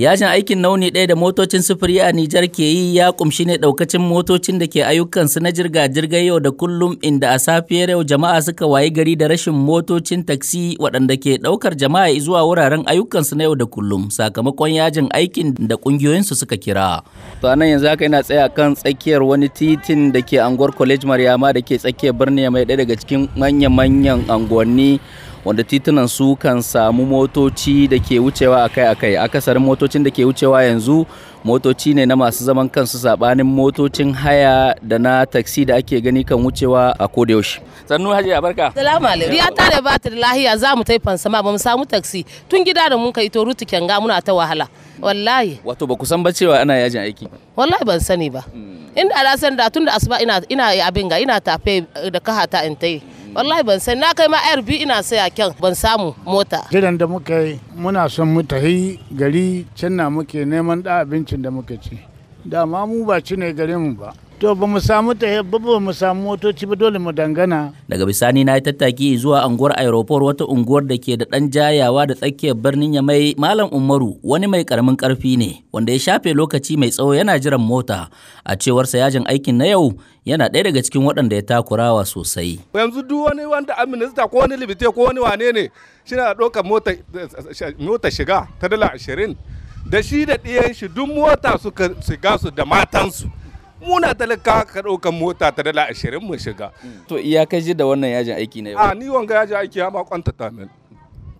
Yajin aikin nauni ɗaya da motocin sufuri a Nijar ke yi ya kumshi ne ɗaukacin motocin da ke ayyukansu na jirga-jirgar yau da kullum inda a safiyar yau jama'a suka wayi gari da rashin motocin taksi waɗanda ke ɗaukar jama'a zuwa wuraren ayyukansu na yau da kullum sakamakon yajin aikin da ƙungiyoyinsu suka kira. To yanzu haka ina tsaya kan tsakiyar wani titin da ke anguwar College Maryama da ke tsakiyar birni mai ɗaya daga cikin manya-manyan anguwanni wanda titunan su kan samu motoci da ke wucewa akai-akai akasarin motocin da ke wucewa yanzu motoci ne na masu zaman kansu sabanin motocin haya da na taksi da ake gani kan wucewa a kodayaushe sannu hajiya barka salamu alaikum riya ta da ba ta da lahiya za mu taifan sama ba mu samu taksi tun gida da mun kai to rutu kyanga muna ta wahala wallahi wato ba ku san ba cewa ana yajin aiki wallahi ban sani ba hmm. inda san da tun da asuba ina ina abin ga ina tafe da kahata in tai wallahi ban san na kai ma ayar biyu ina saya kyan ban samu mota jiran da muka yi muna son mu tahi gari can na muke neman da abincin da muke ci dama mu ba ci ne gare mu ba to ba mu samu ta ba ba mu samu motoci ba dole mu dangana daga bisani na yi tattaki zuwa anguwar aeroport wata unguwar da ke da dan jayawa da tsakiyar birnin ya mai malam umaru wani mai karamin karfi ne wanda ya shafe lokaci mai tsawo yana jiran mota a cewar sa yajin aikin na yau yana ɗaya daga cikin waɗanda ya takurawa sosai yanzu duk wani wanda a minista ko wani libite ko wani wane ne shi na ɗaukar mota shiga ta dala ashirin da shi da ɗiyan shi duk mota suka shiga su da matansu muna talaka ka ɗaukan mota ta dala ashirin mu shiga. To iya kai ji da wannan yajin aiki na yau. A ni wanga yajin aiki ya ma kwantata min.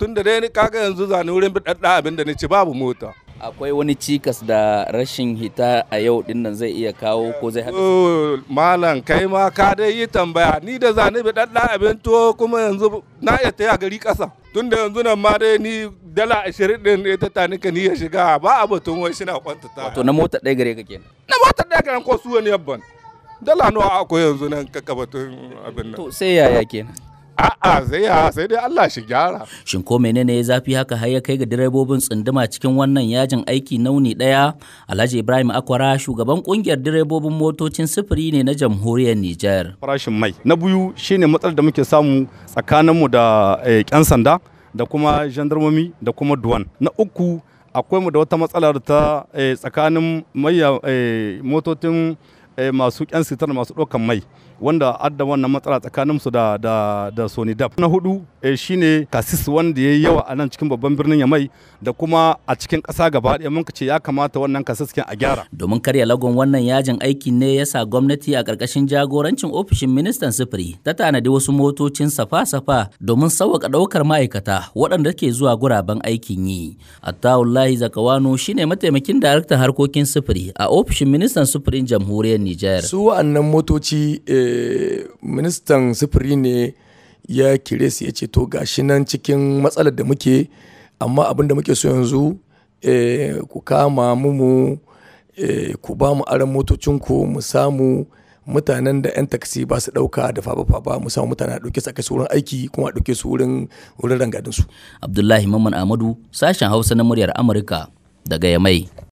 Tun da dai kaga yanzu zane wurin biɗaɗɗa abin da ni ci babu mota. Akwai wani cikas da rashin hita a yau dinnan nan zai iya kawo ko zai haɗu. Oh, malam kai ma ka dai yi tambaya ni da zane biɗaɗɗa abin to kuma yanzu na iya taya gari ƙasa. Tun da yanzu nan ma dai ni dala ashirin ɗin ne ta nika ni ya shiga ba a batun wai shi na kwantata. Wato na mota ɗaya gare ka kenan. ta daga ko su wani yabban dala yanzu nan abin nan to sai yaya kenan a'a sai ya sai dai Allah shi gyara shin ko menene ya zafi haka har ya kai ga direbobin tsunduma cikin wannan yajin aiki nauni daya Alhaji Ibrahim Akwara shugaban kungiyar direbobin motocin sifiri ne na jamhuriyar Nijar farashin mai na biyu shine matsalar da muke samu tsakaninmu da 'yan eh, sanda da kuma gendarmomi da kuma duwan na uku akwai mu da wata matsalar ta eh, tsakanin eh, motocin eh, masu 'yan sitar masu ɗaukan mai wanda adda wannan matsala tsakanin da da da sonidap na hudu eh, shine kasis wanda ya yi yawa a nan cikin babban birnin yamai da kuma a cikin ƙasa gaba ɗaya mun ce ya kamata wannan kasis a gyara domin karya lagon wannan yajin aiki ne ya sa gwamnati a karkashin jagorancin ofishin ministan sufuri ta tanadi wasu motocin safa-safa domin sauƙaƙa ɗaukar ma'aikata waɗanda ke zuwa guraben aikin yi attahullahi zakawano shine mataimakin daraktan harkokin sufuri a ofishin ministan sufurin jamhuriyar nijar su wa'annan motoci eh, ministan sufuri ne ya kire su ya ce to gashi nan cikin matsalar da muke amma abin da muke so yanzu eh, ku kama mu eh, ku ba mu aran ku mu samu mutanen da 'yan taksi ba su ɗauka da faba-faba mu samu mutane a ɗauke su a wurin aiki kuma a ɗauke su wurin wurin rangadinsu. Abdullahi Mamman Amadu sashen Hausa na muryar Amurka daga Yamai.